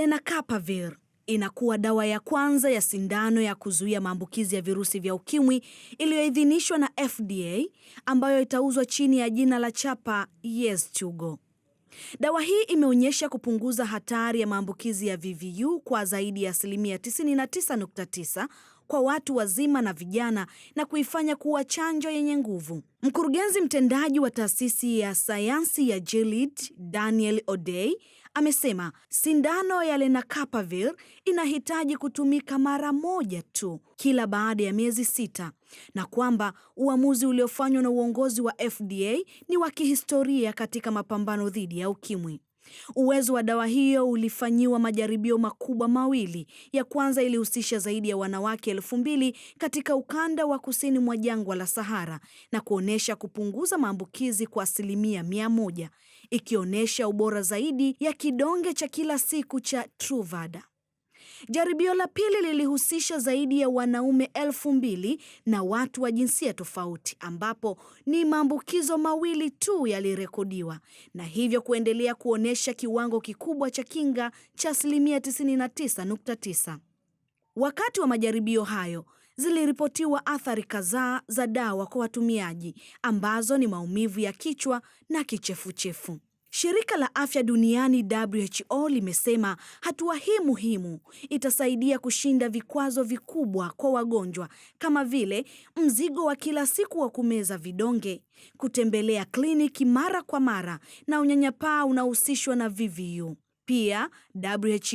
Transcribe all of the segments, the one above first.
Lenacapavir inakuwa dawa ya kwanza ya sindano ya kuzuia maambukizi ya virusi vya ukimwi iliyoidhinishwa na FDA ambayo itauzwa chini ya jina la chapa Yeztugo. Dawa hii imeonyesha kupunguza hatari ya maambukizi ya VVU kwa zaidi ya asilimia 99.9 kwa watu wazima na vijana na kuifanya kuwa chanjo yenye nguvu. Mkurugenzi mtendaji wa taasisi ya sayansi ya Gilead, Daniel O'Day, amesema sindano ya lenacapavir inahitaji kutumika mara moja tu kila baada ya miezi sita na kwamba uamuzi uliofanywa na uongozi wa FDA ni wa kihistoria katika mapambano dhidi ya ukimwi. Uwezo wa dawa hiyo ulifanyiwa majaribio makubwa mawili. Ya kwanza ilihusisha zaidi ya wanawake elfu mbili katika ukanda wa kusini mwa jangwa la Sahara na kuonesha kupunguza maambukizi kwa asilimia mia moja, ikionyesha ubora zaidi ya kidonge cha kila siku cha Truvada. Jaribio la pili lilihusisha zaidi ya wanaume elfu mbili na watu wa jinsia tofauti ambapo ni maambukizo mawili tu yalirekodiwa na hivyo kuendelea kuonyesha kiwango kikubwa cha kinga cha asilimia 99.9. Wakati wa majaribio hayo ziliripotiwa athari kadhaa za dawa kwa watumiaji ambazo ni maumivu ya kichwa na kichefuchefu. Shirika la Afya Duniani WHO limesema hatua hii muhimu itasaidia kushinda vikwazo vikubwa kwa wagonjwa kama vile mzigo wa kila siku wa kumeza vidonge, kutembelea kliniki mara kwa mara na unyanyapaa unaohusishwa na VVU. Pia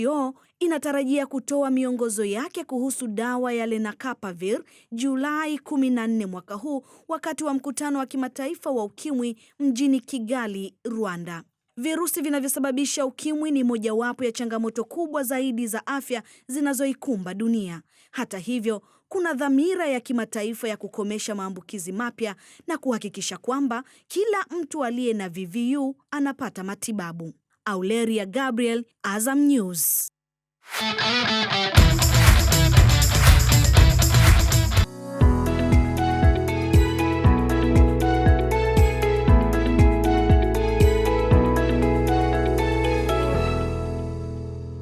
WHO inatarajia kutoa miongozo yake kuhusu dawa ya Lenacapavir Julai 14 mwaka huu wakati wa mkutano wa kimataifa wa ukimwi mjini Kigali, Rwanda. Virusi vinavyosababisha ukimwi ni mojawapo ya changamoto kubwa zaidi za afya zinazoikumba dunia. Hata hivyo, kuna dhamira ya kimataifa ya kukomesha maambukizi mapya na kuhakikisha kwamba kila mtu aliye na VVU anapata matibabu. Auleria Gabriel, Azam News.